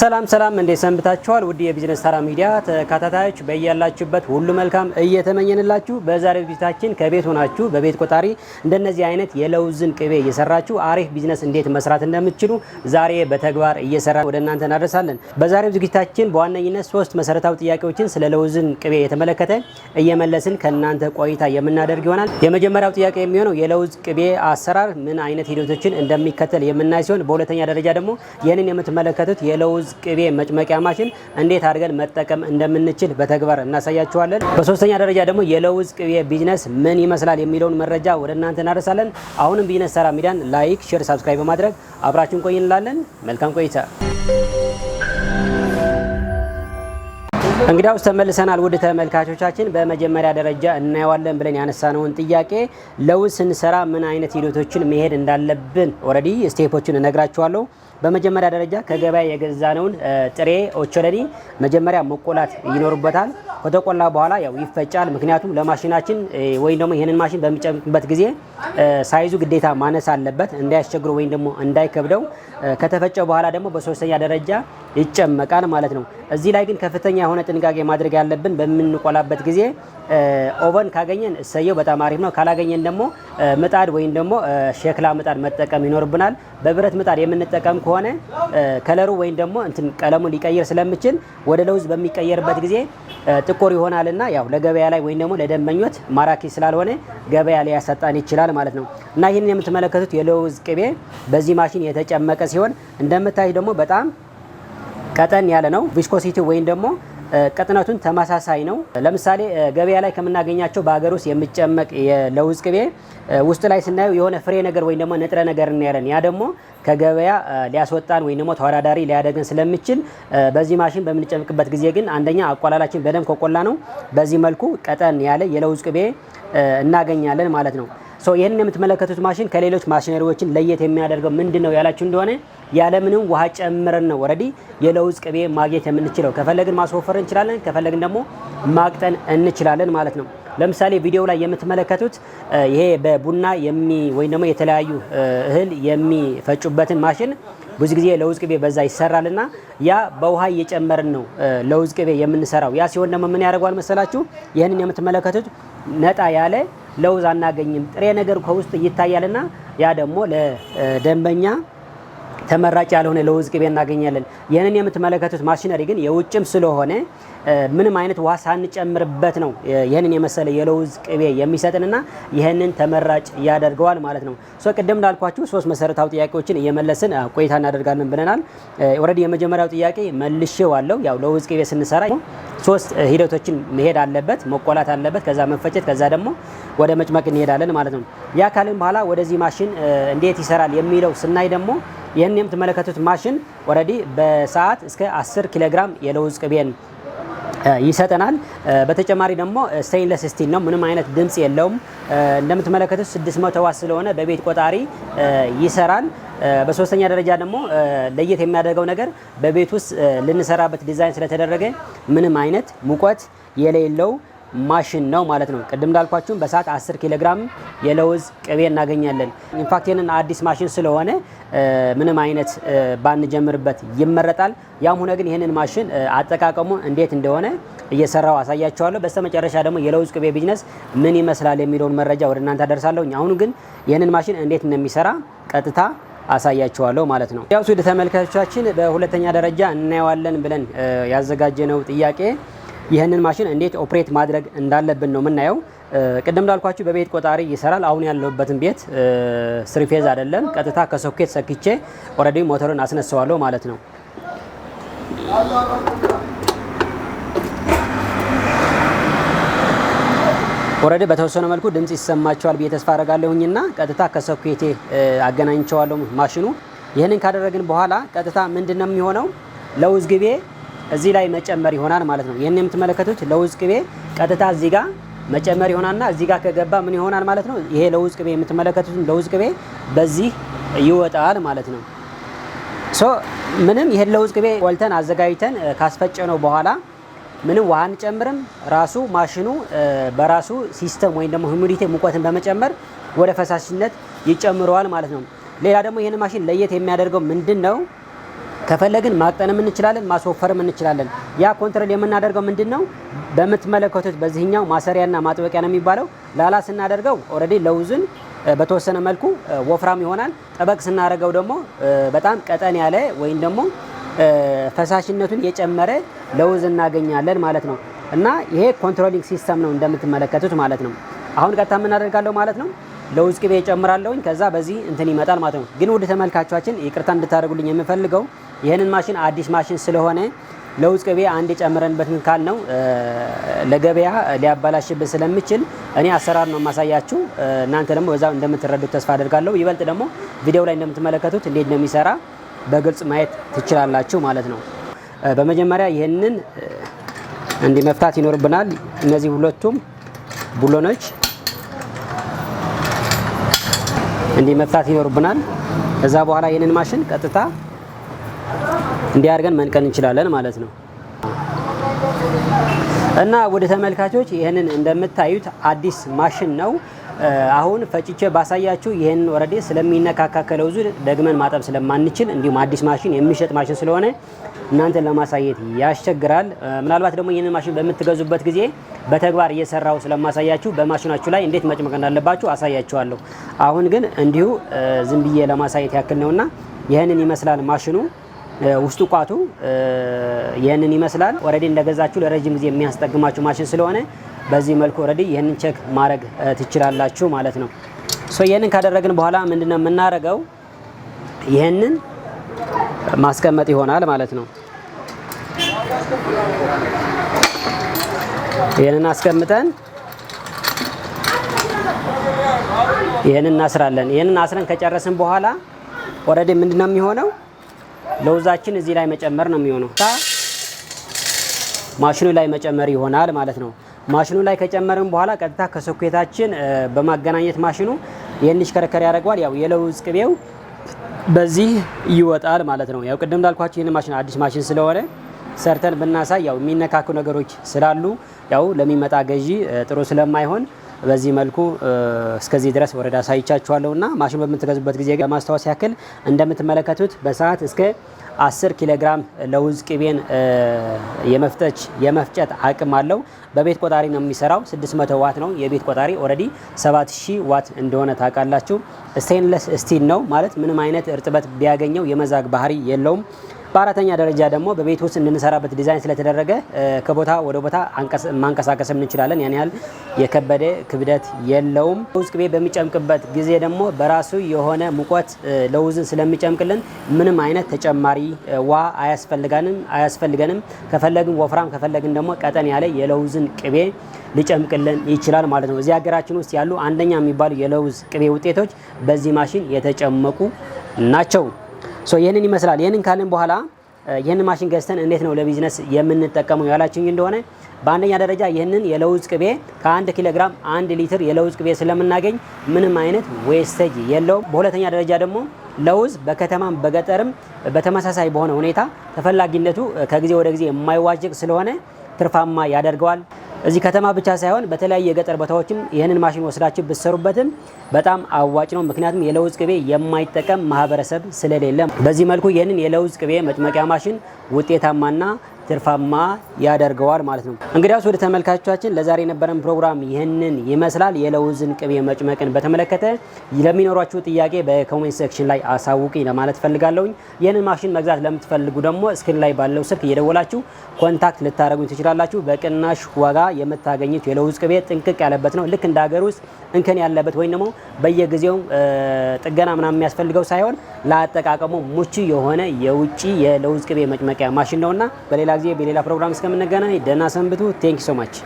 ሰላም ሰላም፣ እንዴት ሰንብታችኋል? ውድ የቢዝነስ ተራ ሚዲያ ተከታታዮች በያላችሁበት ሁሉ መልካም እየተመኘንላችሁ በዛሬው ዝግጅታችን ከቤት ሆናችሁ በቤት ቆጣሪ እንደነዚህ አይነት የለውዝን ቅቤ እየሰራችሁ አሪፍ ቢዝነስ እንዴት መስራት እንደምትችሉ ዛሬ በተግባር እየሰራ ወደ እናንተ እናደርሳለን። በዛሬው ዝግጅታችን በዋነኝነት ሶስት መሰረታዊ ጥያቄዎችን ስለ ለውዝን ቅቤ የተመለከተ እየመለስን ከእናንተ ቆይታ የምናደርግ ይሆናል። የመጀመሪያው ጥያቄ የሚሆነው የለውዝ ቅቤ አሰራር ምን አይነት ሂደቶችን እንደሚከተል የምናይ ሲሆን፣ በሁለተኛ ደረጃ ደግሞ ይህንን የምትመለከቱት የለውዝ ቅቤ መጭመቂያ ማሽን እንዴት አድርገን መጠቀም እንደምንችል በተግባር እናሳያችኋለን። በሶስተኛ ደረጃ ደግሞ የለውዝ ቅቤ ቢዝነስ ምን ይመስላል የሚለውን መረጃ ወደ እናንተ እናደርሳለን። አሁንም ቢዝነስ ተራ ሚዲያን ላይክ፣ ሼር፣ ሳብስክራይብ በማድረግ አብራችን ቆይ እንላለን። መልካም ቆይታ እንግዲያውስ ተመልሰናል ውድ ተመልካቾቻችን። በመጀመሪያ ደረጃ እናየዋለን ብለን ያነሳነውን ጥያቄ ለውዝ ስንሰራ ምን አይነት ሂደቶችን መሄድ እንዳለብን ኦልሬዲ ስቴፖችን እነግራችኋለሁ። በመጀመሪያ ደረጃ ከገበያ የገዛነውን ጥሬ ኦቾሎኒ መጀመሪያ መቆላት ይኖርበታል። ከተቆላ በኋላ ያው ይፈጫል። ምክንያቱም ለማሽናችን ወይም ደግሞ ይህንን ማሽን በሚጨምቅበት ጊዜ ሳይዙ ግዴታ ማነስ አለበት እንዳያስቸግረው ወይም ደግሞ እንዳይከብደው። ከተፈጨ በኋላ ደግሞ በሶስተኛ ደረጃ ይጨመቃል ማለት ነው። እዚህ ላይ ግን ከፍተኛ የሆነ ጥንቃቄ ማድረግ ያለብን በምንቆላበት ጊዜ ኦቨን ካገኘን እሰየው በጣም አሪፍ ነው። ካላገኘን ደግሞ ምጣድ ወይም ደግሞ ሸክላ ምጣድ መጠቀም ይኖርብናል። በብረት ምጣድ የምንጠቀም ከሆነ ከለሩ ወይም ደግሞ እንትን ቀለሙ ሊቀይር ስለምችል ወደ ለውዝ በሚቀየርበት ጊዜ ጥቁር ይሆናልና ያው ለገበያ ላይ ወይም ደግሞ ለደንበኞች ማራኪ ስላልሆነ ገበያ ላይ ያሳጣን ይችላል ማለት ነው እና ይህንን የምትመለከቱት የለውዝ ቅቤ በዚህ ማሽን የተጨመቀ ሲሆን እንደምታይ ደግሞ በጣም ቀጠን ያለ ነው። ቪስኮሲቲ ወይም ደግሞ ቅጥነቱን ተመሳሳይ ነው። ለምሳሌ ገበያ ላይ ከምናገኛቸው በሀገር ውስጥ የሚጨመቅ የለውዝ ቅቤ ውስጥ ላይ ስናየው የሆነ ፍሬ ነገር ወይም ደግሞ ንጥረ ነገር እናያለን። ያ ደግሞ ከገበያ ሊያስወጣን ወይም ደግሞ ተወዳዳሪ ሊያደገን ስለሚችል በዚህ ማሽን በምንጨምቅበት ጊዜ ግን አንደኛ አቋላላችን በደንብ ከቆላ ነው። በዚህ መልኩ ቀጠን ያለ የለውዝ ቅቤ እናገኛለን ማለት ነው። ሶ ይህንን የምትመለከቱት ማሽን ከሌሎች ማሽነሪዎችን ለየት የሚያደርገው ምንድን ነው ያላችሁ እንደሆነ ያለምንም ውሃ ጨምረን ነው ወረዲ የለውዝ ቅቤ ማግኘት የምንችለው። ከፈለግን ማስወፈር እንችላለን፣ ከፈለግን ደግሞ ማቅጠን እንችላለን ማለት ነው። ለምሳሌ ቪዲዮው ላይ የምትመለከቱት ይሄ በቡና ወይም ደግሞ የተለያዩ እህል የሚፈጩበትን ማሽን ብዙ ጊዜ ለውዝ ቅቤ በዛ ይሰራልና ያ በውሃ እየጨመርን ነው ለውዝ ቅቤ የምንሰራው። ያ ሲሆን ደግሞ ምን ያደርገዋል መሰላችሁ? ይህንን የምትመለከቱት ነጣ ያለ ለውዝ አናገኝም። ጥሬ ነገር ከውስጥ ይታያልና ያ ደግሞ ለደንበኛ ተመራጭ ያልሆነ ለውዝ ቅቤ እናገኛለን። ይህንን የምትመለከቱት ማሽነሪ ግን የውጭም ስለሆነ ምንም አይነት ውሃ ሳንጨምርበት ነው ይህንን የመሰለ የለውዝ ቅቤ የሚሰጥንና ይህንን ተመራጭ ያደርገዋል ማለት ነው። ሶ ቅድም እንዳልኳችሁ ሶስት መሰረታዊ ጥያቄዎችን እየመለስን ቆይታ እናደርጋለን ብለናል። ኦልሬዲ የመጀመሪያው ጥያቄ መልሼው ዋለው ያው ለውዝ ቅቤ ስንሰራ ሶስት ሂደቶችን መሄድ አለበት፣ መቆላት አለበት፣ ከዛ መፈጨት፣ ከዛ ደግሞ ወደ መጭመቅ እንሄዳለን ማለት ነው። ያ ካልን በኋላ ወደዚህ ማሽን እንዴት ይሰራል የሚለው ስናይ ደግሞ ይህን የምትመለከቱት ማሽን ኦልሬዲ በሰዓት እስከ 10 ኪሎ ግራም የለውዝ ቅቤን ይሰጠናል። በተጨማሪ ደግሞ ስቴንለስ ስቲል ነው፣ ምንም አይነት ድምፅ የለውም። እንደምትመለከቱት 600 ዋት ስለሆነ በቤት ቆጣሪ ይሰራል። በሶስተኛ ደረጃ ደግሞ ለየት የሚያደርገው ነገር በቤት ውስጥ ልንሰራበት ዲዛይን ስለተደረገ ምንም አይነት ሙቀት የሌለው ማሽን ነው ማለት ነው። ቅድም እንዳልኳችሁም በሰዓት 10 ኪሎ ግራም የለውዝ ቅቤ እናገኛለን። ኢንፋክት ይህንን አዲስ ማሽን ስለሆነ ምንም አይነት ባንጀምርበት ይመረጣል። ያም ሆነ ግን ይህንን ማሽን አጠቃቀሙ እንዴት እንደሆነ እየሰራው አሳያቸዋለሁ። በስተመጨረሻ ደግሞ የለውዝ ቅቤ ቢዝነስ ምን ይመስላል የሚለውን መረጃ ወደ እናንተ አደርሳለሁ። አሁኑ ግን ይህንን ማሽን እንዴት እንደሚሰራ ቀጥታ አሳያቸዋለሁ ማለት ነው። ያው ውድ ተመልካቾቻችን በሁለተኛ ደረጃ እናየዋለን ብለን ያዘጋጀነው ጥያቄ ይህንን ማሽን እንዴት ኦፕሬት ማድረግ እንዳለብን ነው የምናየው። ቅድም እንዳልኳችሁ በቤት ቆጣሪ ይሰራል። አሁን ያለሁበትን ቤት ስሪፌዝ አይደለም፣ ቀጥታ ከሶኬት ሰክቼ ኦልሬዲ ሞተሩን አስነሳዋለሁ ማለት ነው። ኦልሬዲ በተወሰነ መልኩ ድምፅ ይሰማቸዋል ብዬ ተስፋ አደርጋለሁኝና ቀጥታ ከሶኬቴ አገናኝቸዋለሁ ማሽኑ። ይህንን ካደረግን በኋላ ቀጥታ ምንድን ነው የሚሆነው ግቤ እዚህ ላይ መጨመር ይሆናል ማለት ነው። ይህን የምትመለከቱት ለውዝ ቅቤ ቀጥታ እዚህ ጋር መጨመር ይሆናልና እዚህ ጋር ከገባ ምን ይሆናል ማለት ነው። ይሄ ለውዝ ቅቤ የምትመለከቱት ለውዝ ቅቤ በዚህ ይወጣል ማለት ነው። ሶ ምንም ይሄን ለውዝ ቅቤ ወልተን አዘጋጅተን ካስፈጨነው በኋላ ምንም ውሃ አንጨምርም። ራሱ ማሽኑ በራሱ ሲስተም ወይም ደግሞ ሁሚዲቲ ሙቀትን በመጨመር ወደ ፈሳሽነት ይጨምረዋል ማለት ነው። ሌላ ደግሞ ይህን ማሽን ለየት የሚያደርገው ምንድን ነው? ከፈለግን ማቅጠንም እንችላለን፣ ማስወፈርም እንችላለን። ያ ኮንትሮል የምናደርገው ምንድን ነው? በምትመለከቱት በዚህኛው ማሰሪያና ማጥበቂያ ነው የሚባለው። ላላ ስናደርገው ኦልሬዲ ለውዝን በተወሰነ መልኩ ወፍራም ይሆናል። ጠበቅ ስናደርገው ደግሞ በጣም ቀጠን ያለ ወይም ደግሞ ፈሳሽነቱን የጨመረ ለውዝ እናገኛለን ማለት ነው። እና ይሄ ኮንትሮሊንግ ሲስተም ነው እንደምትመለከቱት ማለት ነው። አሁን ቀጥታ የምናደርጋለሁ ማለት ነው። ለውዝ ቅቤ እጨምራለሁኝ። ከዛ በዚህ እንትን ይመጣል ማለት ነው። ግን ውድ ተመልካቾቻችን ይቅርታ እንድታደርጉልኝ የምፈልገው ይህንን ማሽን አዲስ ማሽን ስለሆነ ለውዝ ቅቤ አንድ ጨምረንበት ካል ነው ለገበያ ሊያባላሽብን ስለሚችል እኔ አሰራር ነው የማሳያችሁ። እናንተ ደግሞ በዛ እንደምትረዱት ተስፋ አደርጋለሁ። ይበልጥ ደግሞ ቪዲዮ ላይ እንደምትመለከቱት እንዴት እንደሚሰራ በግልጽ ማየት ትችላላችሁ ማለት ነው። በመጀመሪያ ይህንን እንዲህ መፍታት ይኖርብናል። እነዚህ ሁለቱም ቡሎኖች እንዲህ መፍታት ይኖርብናል። እዛ በኋላ ይህንን ማሽን ቀጥታ እንዲህ አድርገን መንቀን እንችላለን ማለት ነው። እና ወደ ተመልካቾች ይህንን እንደምታዩት አዲስ ማሽን ነው። አሁን ፈጭቼ ባሳያችሁ ይህንን ወረዴ ስለሚነካካከለው ዙር ደግመን ማጠብ ስለማንችል እንዲሁም አዲስ ማሽን የሚሸጥ ማሽን ስለሆነ እናንተን ለማሳየት ያስቸግራል። ምናልባት ደግሞ ይህንን ማሽን በምትገዙበት ጊዜ በተግባር እየሰራው ስለማሳያችሁ በማሽናችሁ ላይ እንዴት መጭመቅ እንዳለባችሁ አሳያችኋለሁ። አሁን ግን እንዲሁ ዝም ብዬ ለማሳየት ያክል ነውና ይህንን ይመስላል ማሽኑ። ውስጡ ቋቱ ይህንን ይመስላል። ኦልሬዲ እንደገዛችሁ ለረጅም ጊዜ የሚያስጠግማችሁ ማሽን ስለሆነ በዚህ መልኩ ኦልሬዲ ይህንን ቼክ ማድረግ ትችላላችሁ ማለት ነው። ሶ ይህንን ካደረግን በኋላ ምንድነው የምናደርገው? ይህንን ማስቀመጥ ይሆናል ማለት ነው። ይህንን አስቀምጠን ይህንን እናስራለን። ይህንን አስረን ከጨረስን በኋላ ኦልሬዲ ምንድነው የሚሆነው ለውዛችን እዚህ ላይ መጨመር ነው የሚሆነው። ማሽኑ ላይ መጨመር ይሆናል ማለት ነው። ማሽኑ ላይ ከጨመርን በኋላ ቀጥታ ከሶኬታችን በማገናኘት ማሽኑ የእንሽከረከር ያደርገዋል። ያው የለውዝ ቅቤው በዚህ ይወጣል ማለት ነው። ያው ቅድም እንዳልኳችሁ ይህን ማሽን አዲስ ማሽን ስለሆነ ሰርተን ብናሳይ ያው የሚነካኩ ነገሮች ስላሉ ያው ለሚመጣ ገዢ ጥሩ ስለማይሆን በዚህ መልኩ እስከዚህ ድረስ ወረዳ አሳይቻችኋለሁ እና ማሽን በምትገዙበት ጊዜ ለማስታወስ ያክል እንደምትመለከቱት በሰዓት እስከ 10 ኪሎ ግራም ለውዝ ቅቤን የመፍተች የመፍጨት አቅም አለው። በቤት ቆጣሪ ነው የሚሰራው። 600 ዋት ነው የቤት ቆጣሪ። ኦልሬዲ 7000 ዋት እንደሆነ ታውቃላችሁ። ስቴንለስ ስቲል ነው ማለት ምንም አይነት እርጥበት ቢያገኘው የመዛግ ባህሪ የለውም። በአራተኛ ደረጃ ደግሞ በቤት ውስጥ እንድንሰራበት ዲዛይን ስለተደረገ ከቦታ ወደ ቦታ ማንቀሳቀስም እንችላለን። ያን ያህል የከበደ ክብደት የለውም። ለውዝ ቅቤ በሚጨምቅበት ጊዜ ደግሞ በራሱ የሆነ ሙቀት ለውዝን ስለሚጨምቅልን ምንም አይነት ተጨማሪ ውሃ አያስፈልጋንም አያስፈልገንም። ከፈለግን ወፍራም ከፈለግን ደግሞ ቀጠን ያለ የለውዝን ቅቤ ሊጨምቅልን ይችላል ማለት ነው። እዚህ ሀገራችን ውስጥ ያሉ አንደኛ የሚባሉ የለውዝ ቅቤ ውጤቶች በዚህ ማሽን የተጨመቁ ናቸው። ሶ ይህንን ይመስላል። ይህንን ካልን በኋላ ይህንን ማሽን ገዝተን እንዴት ነው ለቢዝነስ የምንጠቀመው ያላችሁኝ እንደሆነ በአንደኛ ደረጃ ይህንን የለውዝ ቅቤ ከአንድ ኪሎ ግራም አንድ ሊትር የለውዝ ቅቤ ስለምናገኝ ምንም አይነት ዌስቴጅ የለውም። በሁለተኛ ደረጃ ደግሞ ለውዝ በከተማም በገጠርም በተመሳሳይ በሆነ ሁኔታ ተፈላጊነቱ ከጊዜ ወደ ጊዜ የማይዋዥቅ ስለሆነ ትርፋማ ያደርገዋል። እዚህ ከተማ ብቻ ሳይሆን በተለያዩ የገጠር ቦታዎችም ይህንን ማሽን ወስዳችሁ ብትሰሩበትም በጣም አዋጭ ነው። ምክንያቱም የለውዝ ቅቤ የማይጠቀም ማህበረሰብ ስለሌለ፣ በዚህ መልኩ ይህንን የለውዝ ቅቤ መጭመቂያ ማሽን ውጤታማና ትርፋማ ያደርገዋል ማለት ነው። እንግዲያውስ ወደ ተመልካቾቻችን ለዛሬ የነበረን ፕሮግራም ይህንን ይመስላል። የለውዝን ቅቤ መጭመቅን በተመለከተ ለሚኖሯችሁ ጥያቄ በኮሜንት ሴክሽን ላይ አሳውቁኝ ለማለት ፈልጋለሁ ይህንን ማሽን መግዛት ለምትፈልጉ ደግሞ እስክሪን ላይ ባለው ስልክ እየደወላችሁ ኮንታክት ልታደረጉኝ ትችላላችሁ። በቅናሽ ዋጋ የምታገኙት የለውዝ ቅቤ ጥንቅቅ ያለበት ነው። ልክ እንደ ሀገር ውስጥ እንከን ያለበት ወይም ደግሞ በየጊዜው ጥገና ምናምን የሚያስፈልገው ሳይሆን ለአጠቃቀሙ ምቹ የሆነ የውጭ የለውዝ ቅቤ መጭመቂያ ማሽን ነውና በሌላ በሌላ ፕሮግራም እስከምንገናኝ ደህና ሰንብቱ። ቴንክ ሶ ማች